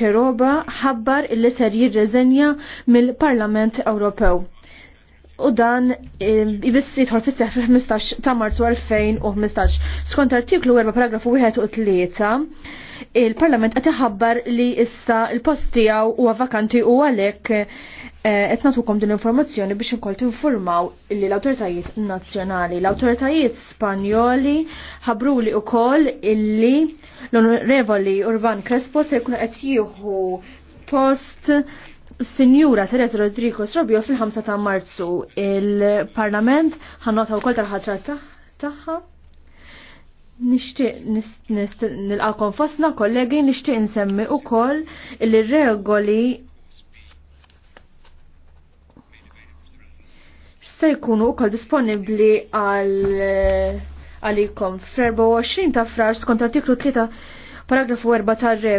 Keroba ħabbar illi ser jirreżenja mill-Parlament Ewropew. U dan jibissi eh, jitħol fis fil-15 ta' marzu 2015. Skont artiklu 4 paragrafu 1 u 3 il-Parlament qed iħabbar li issa il-post tiegħu huwa vakanti u għalhekk eh, qed nagħtukom din l-informazzjoni biex inkoll tinformaw li l-awtoritajiet nazzjonali, l-awtoritajiet Spanjoli li wkoll illi l-Onorevoli Urban Crespo se jkun qed jieħu post Sinjura Teresa Rodrigo Srobio fil-5 ta' Marzu il-Parlament ħannota wkoll tal-ħatra tagħha. Ta nishtiq nilqakom fosna kollegi nishtiq nsemmi u koll il-regoli se jkunu u koll disponibli għal għalikom f 20 ta' frar skont artiklu 3 paragrafu 4 ta' regoli